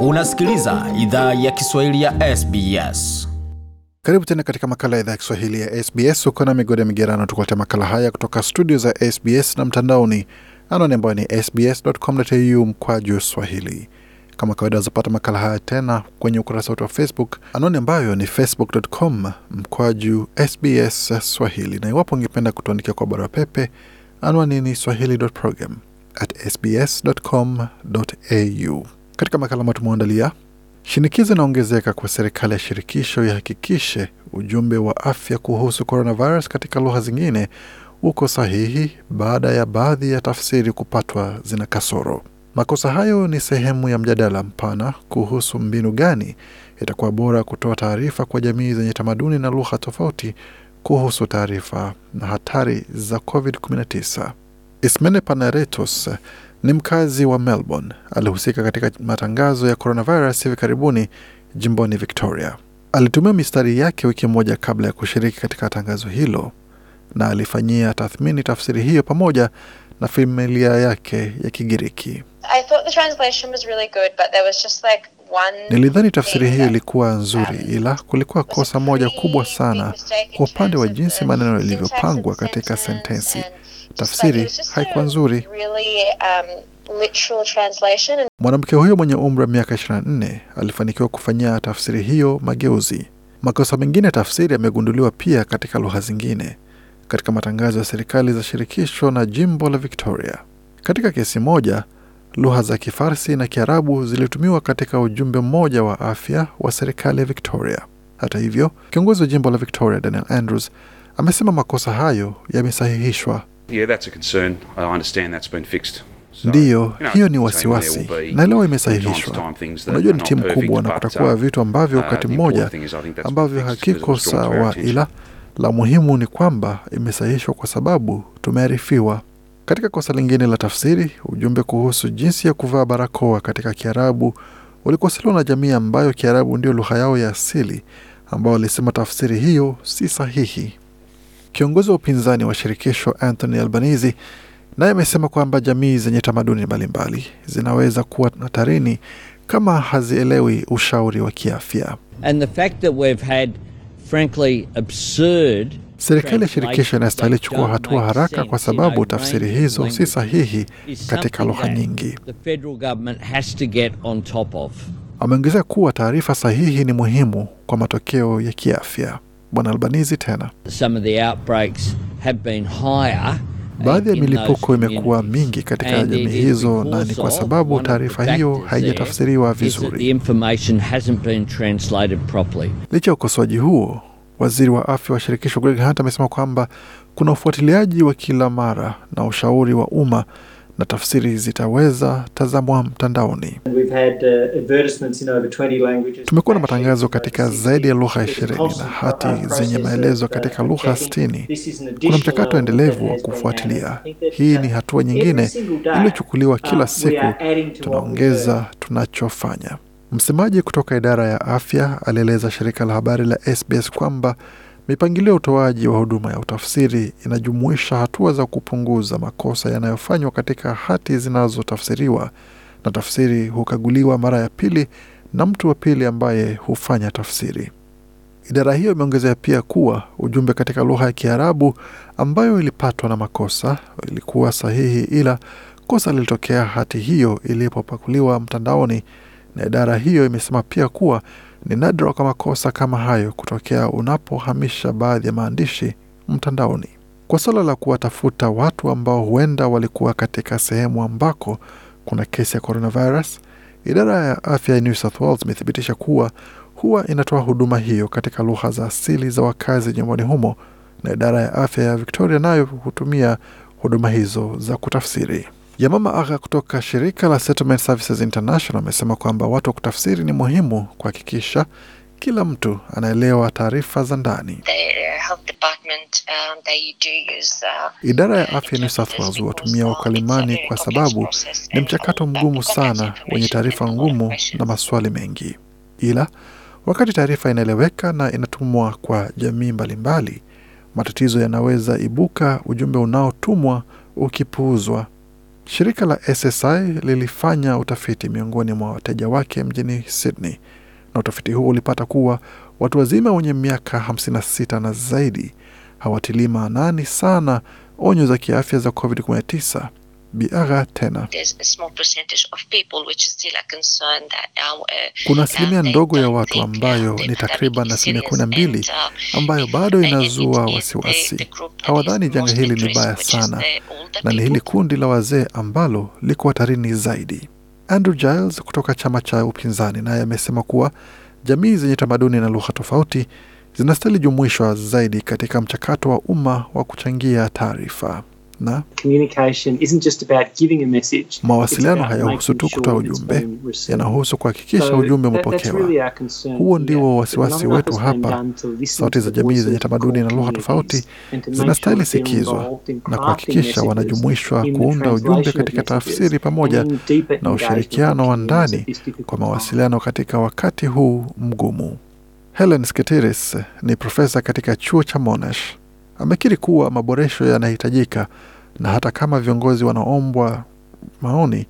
Unasikiliza idhaa ya Kiswahili ya SBS. Karibu tena katika makala ya idhaa ya Kiswahili ya SBS. Uko na migode migerano, tukuletea makala haya kutoka studio za SBS na mtandaoni, anwani ambayo ni sbs.com.au mkwaju swahili. Kama kawaida, wazapata makala haya tena kwenye ukurasa wetu wa Facebook, anwani ambayo ni facebook.com mkwaju SBS swahili, na iwapo ungependa kutuandikia kwa barua pepe, anwani ni swahili.program at sbs.com.au katika makala ambayo tumeandalia, shinikizo inaongezeka kwa serikali ya shirikisho ihakikishe ujumbe wa afya kuhusu coronavirus katika lugha zingine uko sahihi baada ya baadhi ya tafsiri kupatwa zina kasoro. Makosa hayo ni sehemu ya mjadala mpana kuhusu mbinu gani itakuwa bora kutoa taarifa kwa jamii zenye tamaduni na lugha tofauti kuhusu taarifa na hatari za COVID-19. Ismene Panaretos ni mkazi wa Melbourne. Alihusika katika matangazo ya coronavirus hivi karibuni jimboni Victoria. Alitumia mistari yake wiki moja kabla ya kushiriki katika tangazo hilo, na alifanyia tathmini tafsiri hiyo pamoja na familia yake ya Kigiriki. Nilidhani tafsiri hiyo ilikuwa nzuri, um, ila kulikuwa kosa moja kubwa sana kwa upande wa jinsi maneno yalivyopangwa katika sentensi and Tafsiri haikuwa nzuri. Um, Mwanamke huyo mwenye umri wa miaka 24 alifanikiwa kufanyia tafsiri hiyo mageuzi. Makosa mengine ya tafsiri yamegunduliwa pia katika lugha zingine katika matangazo ya serikali za shirikisho na jimbo la Victoria. Katika kesi moja, lugha za Kifarsi na Kiarabu zilitumiwa katika ujumbe mmoja wa afya wa serikali ya Victoria. Hata hivyo, kiongozi wa jimbo la Victoria Daniel Andrews amesema makosa hayo yamesahihishwa ndiyo, hiyo ni wasiwasi, leo imesahihishwa. Unajua ni timu kubwa na kutakuwa uh, vitu ambavyo uh, wakati mmoja ambavyo hakiko sawa, ila la muhimu ni kwamba imesahihishwa kwa sababu tumearifiwa. Katika kosa lingine la tafsiri, ujumbe kuhusu jinsi ya kuvaa barakoa katika Kiarabu ulikoselewa na jamii ambayo Kiarabu ndio lugha yao ya asili, ambao walisema tafsiri hiyo si sahihi. Kiongozi wa upinzani wa shirikisho Anthony Albanese naye amesema kwamba jamii zenye tamaduni mbalimbali zinaweza kuwa hatarini kama hazielewi ushauri wa kiafya. Serikali ya shirikisho inastahili chukua hatua haraka, kwa sababu tafsiri hizo si sahihi katika lugha nyingi. Ameongezea kuwa taarifa sahihi ni muhimu kwa matokeo ya kiafya. Bwana Albanizi tena, baadhi ya milipuko imekuwa mingi katika jamii hizo, na ni kwa sababu taarifa hiyo haijatafsiriwa vizuri. Licha ya ukosoaji huo, waziri wa afya wa shirikisho Greg Hunt amesema kwamba kuna ufuatiliaji wa kila mara na ushauri wa umma na tafsiri zitaweza tazamwa mtandaoni. Uh, Tumekuwa na matangazo katika zaidi ya lugha ishirini na hati zenye maelezo uh, katika lugha sitini. Kuna mchakato endelevu wa kufuatilia. Hii uh, ni hatua nyingine iliyochukuliwa kila siku, tunaongeza tunachofanya. Msemaji kutoka idara ya afya alieleza shirika la habari la SBS kwamba Mipangilio ya utoaji wa huduma ya utafsiri inajumuisha hatua za kupunguza makosa yanayofanywa katika hati zinazotafsiriwa, na tafsiri hukaguliwa mara ya pili na mtu wa pili ambaye hufanya tafsiri. Idara hiyo imeongezea pia kuwa ujumbe katika lugha ya Kiarabu ambayo ilipatwa na makosa ilikuwa sahihi, ila kosa lilitokea hati hiyo ilipopakuliwa mtandaoni, na idara hiyo imesema pia kuwa ni nadra kwa makosa kama hayo kutokea unapohamisha baadhi ya maandishi mtandaoni. Kwa suala la kuwatafuta watu ambao huenda walikuwa katika sehemu ambako kuna kesi ya coronavirus, idara ya afya ya New South Wales imethibitisha kuwa huwa inatoa huduma hiyo katika lugha za asili za wakazi nyumbani humo, na idara ya afya ya Victoria nayo hutumia huduma hizo za kutafsiri. Yamama Aga kutoka shirika la Settlement Services International amesema kwamba watu wa kutafsiri ni muhimu kuhakikisha kila mtu anaelewa taarifa za ndani. Uh, um, uh, Idara ya afya New South Wales huwatumia wakalimani kwa sababu ni mchakato mgumu sana wenye taarifa ngumu na maswali mengi, ila wakati taarifa inaeleweka na inatumwa kwa jamii mbalimbali, matatizo yanaweza ibuka. Ujumbe unaotumwa ukipuuzwa Shirika la SSI lilifanya utafiti miongoni mwa wateja wake mjini Sydney, na utafiti huo ulipata kuwa watu wazima wenye miaka 56 na zaidi hawatilii maanani sana onyo za kiafya za COVID-19 biagha tena. Uh, Kuna asilimia ndogo ya watu ambayo ni takriban asilimia kumi na mbili uh, ambayo bado inazua wasiwasi. Hawadhani janga hili ni baya sana, na ni hili kundi la wazee ambalo liko hatarini zaidi. Andrew Giles kutoka chama cha upinzani naye amesema kuwa jamii zenye tamaduni na lugha tofauti zinastahili jumuishwa zaidi katika mchakato wa umma wa kuchangia taarifa na mawasiliano hayahusu tu kutoa ujumbe, yanahusu kuhakikisha ujumbe umepokewa. Huo ndio wasiwasi wetu hapa. Sauti za jamii zenye tamaduni na lugha tofauti zinastahili sikizwa na kuhakikisha wanajumuishwa kuunda ujumbe katika tafsiri, pamoja na ushirikiano wa ndani kwa mawasiliano katika wakati huu mgumu. Helen Sketeris ni profesa katika chuo cha Monash amekiri kuwa maboresho yanahitajika na hata kama viongozi wanaombwa maoni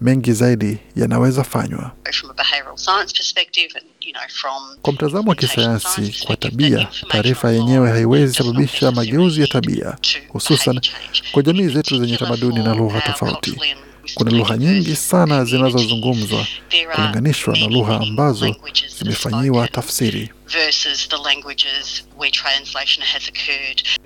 mengi zaidi yanaweza fanywa. Kwa mtazamo wa kisayansi, kwa tabia, taarifa yenyewe haiwezi sababisha mageuzi ya tabia, hususan kwa jamii zetu zenye tamaduni na lugha tofauti. Kuna lugha nyingi sana zinazozungumzwa kulinganishwa na lugha ambazo zimefanyiwa tafsiri.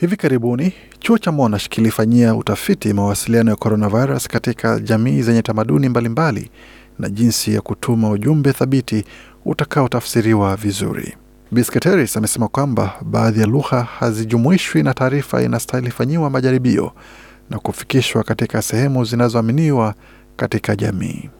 Hivi karibuni chuo cha Monash kilifanyia utafiti mawasiliano ya coronavirus katika jamii zenye tamaduni mbalimbali mbali, na jinsi ya kutuma ujumbe thabiti utakaotafsiriwa vizuri. Bisketeris amesema kwamba baadhi ya lugha hazijumuishwi na taarifa inastahili fanyiwa majaribio na kufikishwa katika sehemu zinazoaminiwa katika jamii.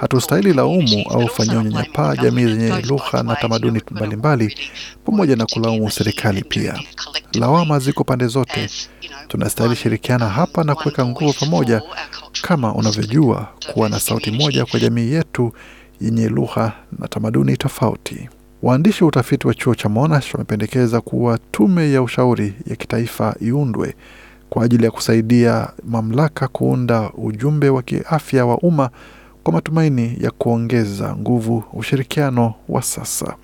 Hatustahili laumu au fanyia unyanyapaa jamii zenye lugha na tamaduni mbalimbali, pamoja na kulaumu serikali pia. Lawama ziko pande zote, tunastahili shirikiana um, hapa na kuweka nguvu pamoja, kama unavyojua, kuwa na sauti moja kwa jamii yetu yenye lugha na tamaduni tofauti. Waandishi wa utafiti wa chuo cha Monash wamependekeza kuwa tume ya ushauri ya kitaifa iundwe kwa ajili ya kusaidia mamlaka kuunda ujumbe wa kiafya wa umma kwa matumaini ya kuongeza nguvu ushirikiano wa sasa.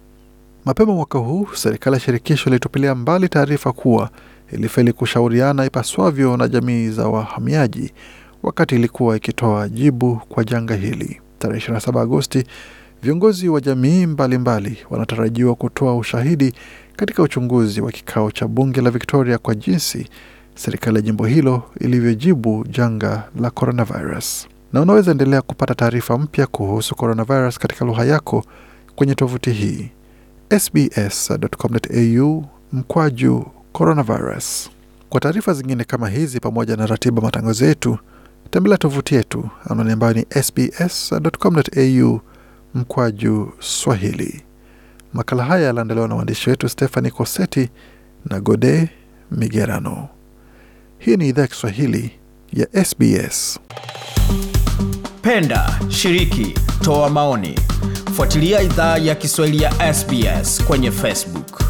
Mapema mwaka huu, serikali ya shirikisho ilitupilia mbali taarifa kuwa ilifeli kushauriana ipaswavyo na jamii za wahamiaji wakati ilikuwa ikitoa jibu kwa janga hili. Tarehe 27 Agosti, Viongozi wa jamii mbalimbali wanatarajiwa kutoa ushahidi katika uchunguzi wa kikao cha bunge la Victoria kwa jinsi serikali ya jimbo hilo ilivyojibu janga la coronavirus. Na unaweza endelea kupata taarifa mpya kuhusu coronavirus katika lugha yako kwenye tovuti hii sbs.com.au mkwaju coronavirus. Kwa taarifa zingine kama hizi pamoja na ratiba matangazo yetu, tembelea tovuti yetu anwani ambayo ni sbs.com.au mkwaju Swahili. Makala haya yaliandaliwa na waandishi wetu Stefani Koseti na Gode Migerano. Hii ni idhaa ya Kiswahili ya SBS. Penda, shiriki, toa maoni, fuatilia idhaa ya Kiswahili ya SBS kwenye Facebook.